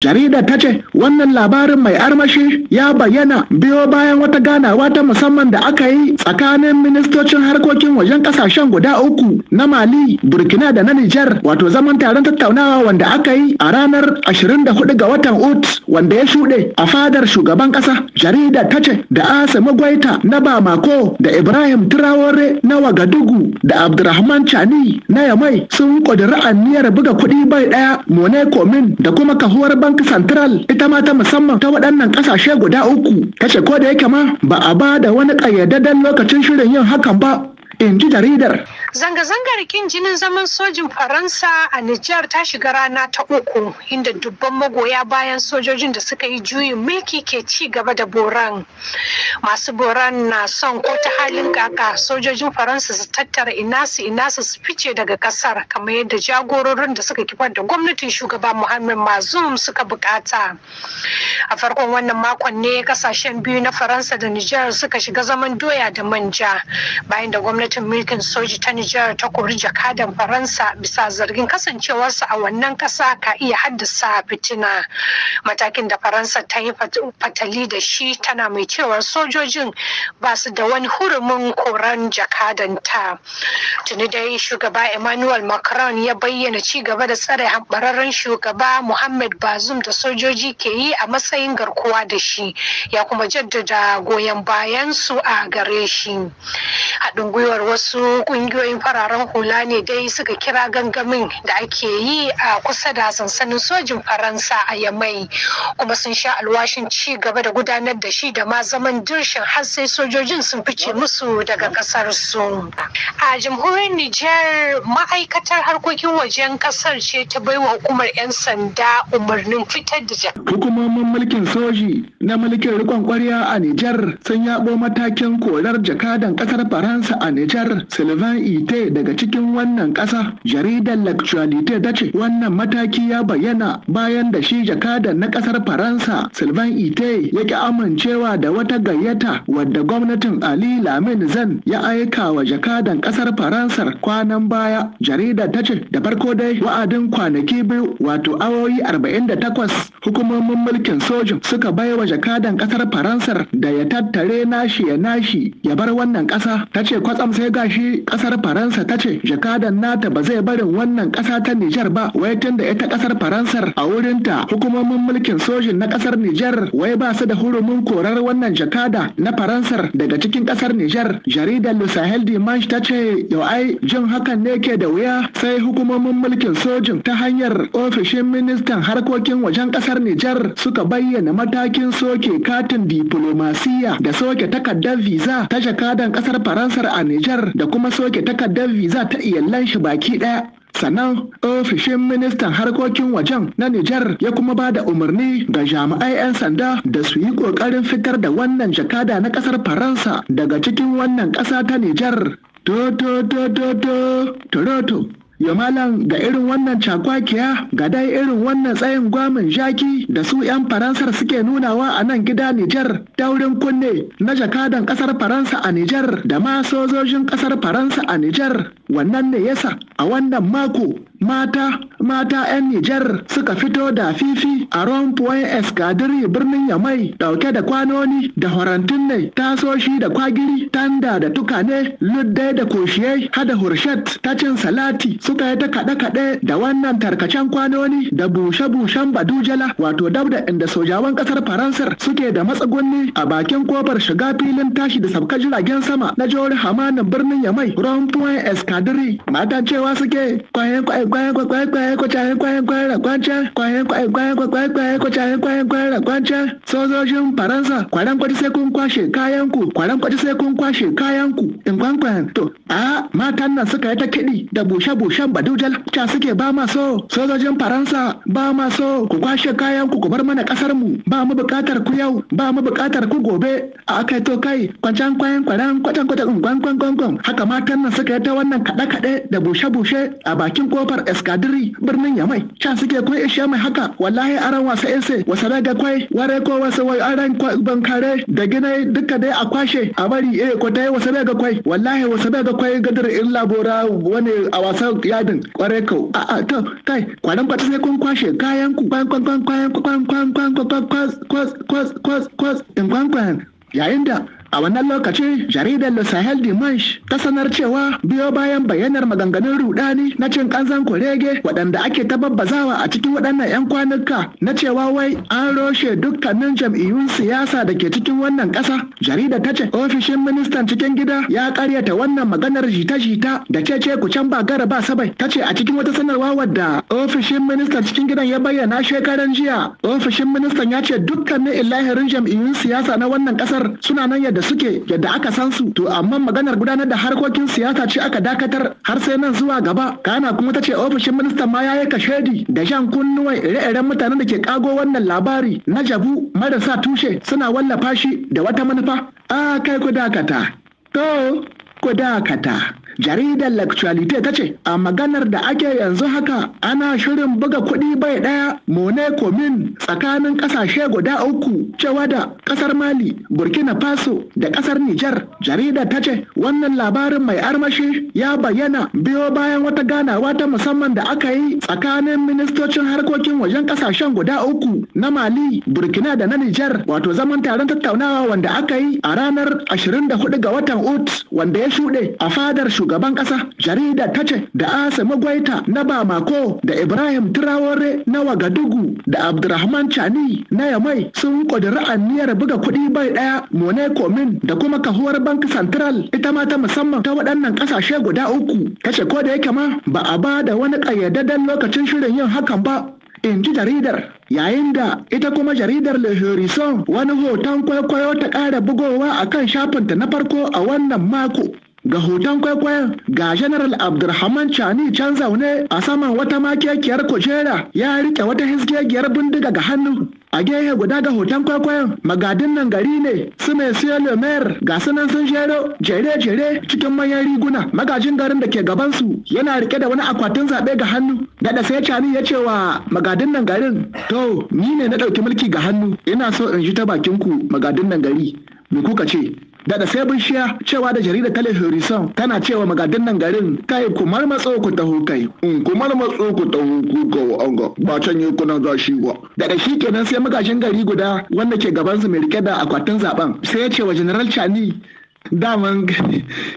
Jaridar ta ce wannan labarin mai armashi ya bayyana biyo bayan wata ganawa ta musamman da aka yi tsakanin ministocin harkokin wajen kasashen guda uku na Mali, Burkina da na Nijar wato zaman taron tattaunawa wanda aka yi a ranar 24 ga watan Ut wanda ya shuɗe a fadar shugaban ƙasa. Jaridar ta ce da Asa Mugwaita na Bamako da Ibrahim Traore na Wagadugu da Abdurrahman Chani na Yamai sun ƙudiri aniyar buga kuɗi bai ɗaya Mone Komin da kuma kahuwar bank central ita ma ta musamman ta waɗannan ƙasashe guda uku ta ce ko da yake ma ba a ba da wani ƙayyadadden lokacin shirin yin hakan ba in ji jaridar Zanga-zangar kin jinin zaman sojin Faransa a Nijar ta shiga rana ta uku inda dubban magoya bayan sojojin da suka yi juyin mulki ke ci gaba da boran. Masu boran na son ko ta halin kaka sojojin Faransa su tattara inasu inasu su fice daga kasar kamar yadda jagororin da suka kifar da gwamnatin shugaba Muhammad Mazum suka bukata. A farkon wannan makon ne kasashen biyu na Faransa da Nijar suka shiga zaman doya da manja bayan da gwamnatin mulkin soji ta Nijar ta kori jakadan Faransa bisa zargin kasancewarsa a wannan ƙasa ka iya haddasa fitina. Matakin da Faransa ta yi fatali da shi tana mai cewar sojojin ba su da wani hurumin koran ta Tuni dai shugaba Emmanuel Macron ya bayyana ci gaba da tsare hambararren shugaba Muhammad Bazoum da sojoji ke yi a matsayin garkuwa da shi ya kuma jaddada goyon bayansu a gare shi. Haɗin gwiwar wasu ƙungiyoyi ƙungiyoyin fararen hula ne dai suka kira gangamin da ake yi a kusa da sansanin sojin faransa a yamai kuma sun sha alwashin ci gaba da gudanar da shi da ma zaman dirshin har sai sojojin sun fice musu daga kasar su a jamhuriyar niger ma'aikatar harkokin wajen kasar ce ta baiwa hukumar 'yan sanda umarnin fitar da hukumomin mulkin soji na mulkin rikon kwarya a niger sun yabo matakin korar jakadan kasar faransa a niger sylvain l'actualité daga cikin wannan ƙasa jaridar l'actualité ta ce wannan mataki ya bayyana bayan da shi jakadan na ƙasar faransa sylvain ite ya ki amincewa da wata gayyata wadda gwamnatin ali lamin zan ya aika wa jakadan ƙasar faransa kwanan baya jaridar ta ce da farko dai wa'adin kwanaki biyu wato awoyi 48 hukumomin mulkin sojin suka baiwa jakadan ƙasar faransa da ya tattare nashi ya nashi ya bar wannan ƙasa ta ce kwatsam sai gashi ƙasar Faransa ta ce jakadan nata ba zai barin wannan ƙasa ta Nijar ba wai tunda ita ƙasar Faransar a wurinta hukumomin mulkin sojin na ƙasar Nijar wai ba su da hurumin korar wannan jakada na Faransar daga cikin ƙasar Nijar. Jaridar Le Sahel Dimanche ta ce yau ai jin hakan ne ke da wuya sai hukumomin mulkin sojin ta hanyar ofishin ministan harkokin wajen ƙasar Nijar suka bayyana matakin soke katin diplomasiya da soke takardar visa ta jakadan ƙasar Faransar a Nijar da kuma soke ta. takardar visa ta iyalan shi baki ɗaya. sannan ofishin ministan harkokin wajen na Nijar ya kuma ba da umarni ga jami'ai 'yan sanda da su yi ƙoƙarin fitar da wannan jakada na ƙasar Faransa daga cikin wannan ƙasa ta Nijar. Toto, toto, toto, toto. Ya malam ga irin wannan cakwakiya ga dai irin wannan tsayin gwamin jaki da su 'yan Faransar suke nunawa a nan gida Nijar daurin kunne na jakadan ƙasar Faransa a Nijar da ma sojojin ƙasar Faransa a Nijar wannan ne yasa a wannan mako mata mata 'yan Nijar suka fito da fifi a Rompoyin Eskadiri birnin Yamai dauke da kwanoni da horantun ne tasoshi da kwagiri tanda da tukane luddai da koshiyai hada hurshet ta cin salati suka yi ta kaɗe-kaɗe da wannan tarkacen kwanoni da bushe-bushen badujala wato Dabda, inda sojawan ƙasar Faransar suke da matsugunni a bakin kofar shiga filin tashi da sabka jiragen sama na jihar Hamanin birnin Yamai Rompoyin Eskadiri matan cewa wa suke kwaye kwaye kwaye kwaye kwaye kwaye kwaye kwaye kwaye kwaye kwaye kwaye kwaye kwaye kwaye sojojin faransa kwaran kwaci sai kun kwashe kayan ku kwaran kwaci sai kun kwashe kayan ku in kwankwan to a yi ta kiɗi da bushe bushen badujal ca suke ba so sojojin faransa ba ku kwashe kayanku ku bar mana kasar mu ba mu buƙatar ku yau ba mu ku gobe a to kai kwayan haka matan nan yi ta wannan kaɗe-kaɗe da bushe bushe a bakin kofar eskadiri birnin yamai can suke kun ishe mai haka wallahi aran wasa ese wasa daga kwai ware ko wasa wai aran bankare da gina duka dai a kwashe a bari eh ko dai wasa daga kwai wallahi wasa daga kwai gadar in labora wani a wasa yadin kware ko a a to kai kwanan kwata sai kun kwashe kayan ku kwan kwan kwan kwan kwan kwan kwan kwan kwan kwan kwan kwan kwan kwan kwan yayin da A wannan lokaci jaridar Le Sahel Dimanche ta sanar cewa biyo bayan bayyanar maganganun rudani na cin kanzan kurege waɗanda ake tababbazawa a cikin waɗannan 'yan kwanuka na cewa wai an roshe dukkanin jam'iyyun siyasa da ke cikin wannan ƙasa. Jaridar ta ce ofishin ministan cikin gida ya karyata wannan maganar jita-jita da ce-ce ku can ba gara ba sabai ta ce a cikin wata sanarwa wadda ofishin ministan cikin gidan ya bayyana shekaran jiya ofishin ministan ya ce dukkanin illahirin jam'iyyun siyasa na wannan ƙasar suna nan yadda da suke yadda aka san su to amma maganar gudanar da harkokin siyasa ce aka dakatar har sai nan zuwa gaba kana kuma ta ce ofishin ministan ma yayi kashedi da jan kunnuwan ire-iren mutanen da ke kago wannan labari na jabu marasa tushe suna wallafa shi da wata manufa a kai ku dakata to ku dakata jaridar l'actualité ta ce a maganar da ake yanzu haka ana shirin buga kuɗi bai ɗaya mone komin tsakanin ƙasashe guda uku cewa da ƙasar mali burkina faso da ƙasar nijar jaridar ta ce wannan labarin mai armashi ya bayyana biyo bayan wata ganawa ta musamman da aka yi tsakanin ministocin harkokin wajen ƙasashen guda uku na mali burkina da na nijar wato zaman taron tattaunawa wanda aka yi a ranar 24 ga watan ut wanda ya shuɗe a fadar shugaban shugaban ƙasa jarida ta ce da asa magwaita na bamako da ibrahim turawore na wagadugu da abdurrahman chani na yamai sun ƙudiri aniyar buga kuɗi bai ɗaya moneko komin da kuma kahuwar bank central ita ma ta musamman ta waɗannan ƙasashe guda uku ta ce ko da yake ma ba a ba da wani ƙayyadadden lokacin shirin yin hakan ba in ji jaridar yayin da ita kuma jaridar Le Horizon wani hoton kwaikwayo ta ƙara bugowa a kan shafinta na farko a wannan mako Ga hoton kwaikwayon ga General Abdulrahman Chani can zaune a saman wata makekiyar kujera ya rike wata hisgegiyar bindiga ga hannu. A gehe guda ga hoton kwaikwayon magadin nan gari ne su mai siya lomer ga sunan sun jero jere-jere cikin manyan riguna magajin garin da ke gabansu yana rike da wani akwatin zaɓe ga hannu. Daɗa sai Chani ya ce wa magadin nan garin to ni ne na ɗauki mulki ga hannu ina so in ji ta bakin ku magadin nan gari. Me kuka ce? daga sai bishiya cewa da jaridar tale horizon tana cewa magadin nan garin kai kumar matso ku taho kai in mm, kumar matso ku taho ku ga anga ba can yi kuna za shi ba daga shi kenan sai magashin gari guda wanda ke gaban su mai rike da akwatin zaben sai ya ce wa general chani daman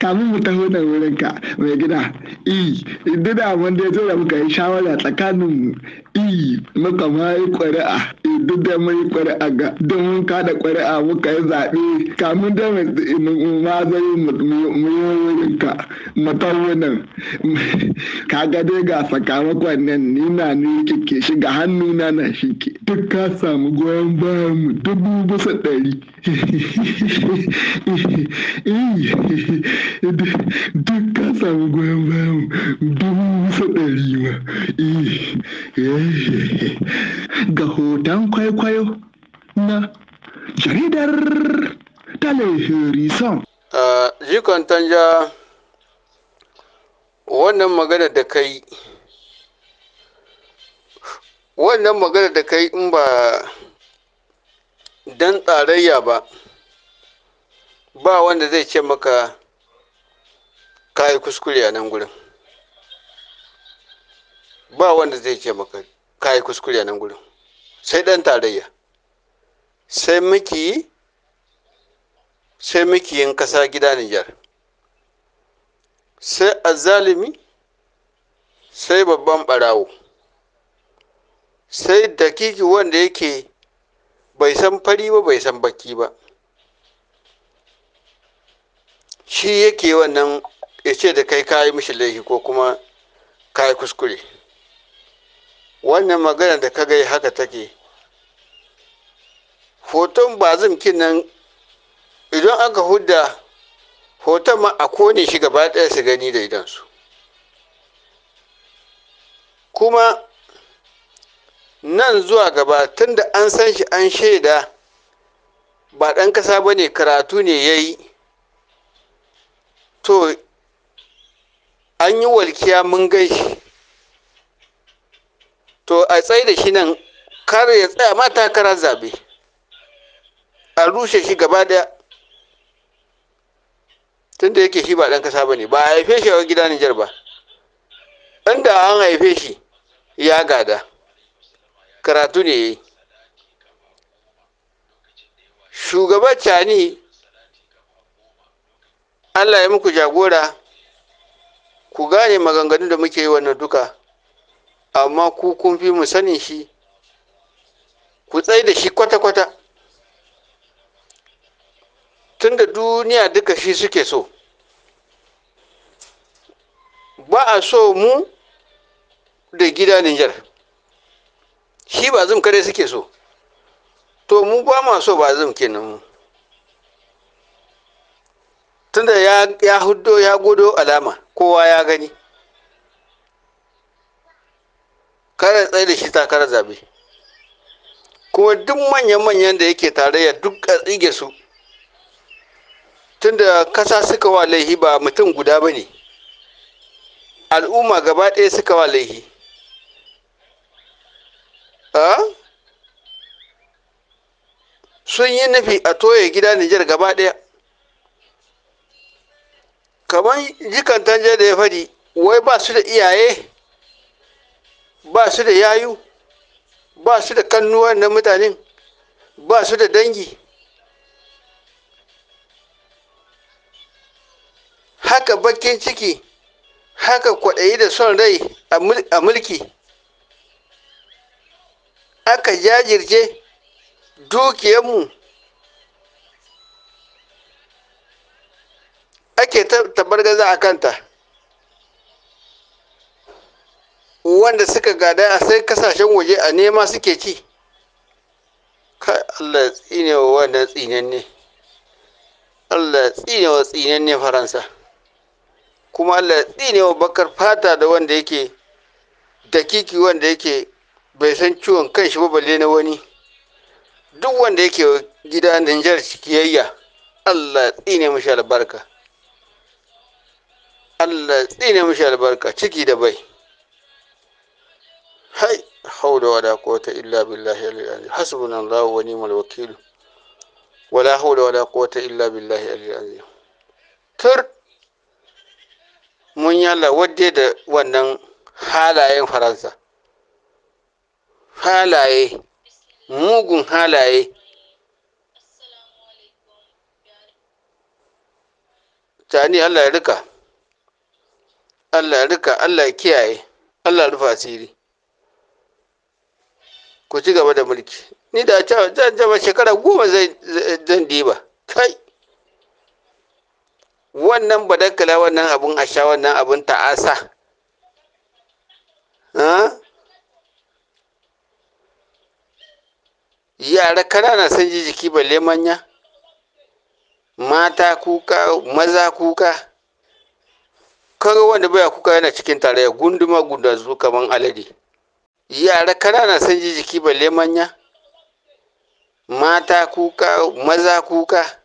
kamun mu taho da wurinka ka mai gida i e, inda daman da ya zo da muka yi shawara tsakanin i e, muka ma yi ƙuri'a idan da mai ƙuri'a ga domin ka da ƙuri'a muka yi zaɓe kamun da ma zai mu yi wurin ka mu taho ka ga dai ga sakamakon nan ni na ni kike shiga hannu na na shi ke duk ka samu goyon bayan mu dubu bisa ɗari duk ka samu goyon bayan mu dubu bisa ɗari ma ga hoton kwaikwayo na jaridar A jikon tanja wannan magana da kai wannan magana da kai in ba dan tsarayya ba ba wanda zai ce maka kayi kuskure a nan gurin ba wanda zai ce maka kayi kuskure a nan gurin sai dan tarayya sai miki sai yin kasa gida Nijar sai azalimi sai babban barawo sai dakiki wanda yake bai san fari ba bai san baki ba shi yake wannan ya ce da kai kayi mishi laifi ko kuma kayi kuskure wannan magana da ka gai haka take hoton kin nan idan aka hudda hoton ma a kone shi gaba ɗaya su gani da idansu kuma nan zuwa gaba tunda an san shi an shaida ba ɗan ƙasa ba ne karatu ne ya yi to an yi walkiya mun gai shi to a tsaye da shi nan kar ya tsaya ma takara zabe a rushe shi gaba daya tunda yake shi ba ɗan ƙasa ba ne ba a haife shi a gida Nijar ba inda an haife shi ya gada karatu ne shugaba cani allah ya muku jagora ku gane maganganu da muke yi wannan duka amma ku kun fi mu sanin shi ku tsaye da shi kwata-kwata tunda duniya duka shi suke so ba a so mu da gida Nijar. shi ba zum kare suke so to mu ba ma so ba zum kenan tunda ya ya huddo ya godo alama kowa ya gani kare tsaye da shi takarar zabe kuma duk manyan-manyan da yake tarayya duk a tsige su tunda kasa suka wa laihi ba mutum guda ba ne al'umma gaba ɗaya suka wa laihi sun yi nufi a toye gida nijar gaba ɗaya kamar jikan tanje da ya fadi wai ba su da iyaye ba su da yayu ba su da kannuwa na mutane, ba su da dangi haka bakin ciki haka kwaɗayi da son rai a mulki aka jajirce dukiyarmu ake tabargaza a kanta wanda suka gada a sai kasashen waje a nema suke ci kai allah tsine wa tsinen ne allah tsine wa ne faransa kuma allah tsine wa bakar fata da wanda yake dakiki wanda yake bai san ciwon kan ba balle na wani duk wanda yake gida jar cikiyayya. Allah tsine mashi albarka Allah tsine mashi albarka ciki da bai hai haula wala quwwata illa billahi al Hasbunan hasbunallahu wa ni'mal wakil wala haula wala quwwata illa billahi al-ali tur mun yalla wadde da wannan halayen faransa halaye mugun halaye tani allah ya rika allah ya rika allah ya kiyaye allah rufa asiri ku ci gaba da mulki ni da zan jama shekara goma zan diba kai wannan badakala wannan abun asha wannan abun ta'asa yara kanana sun ji jiki balle manya mata kuka maza kuka kaga wanda baya kuka yana cikin tarayya gunduma gundazu kaman alade yara kanana sun ji jiki balle manya mata kuka maza kuka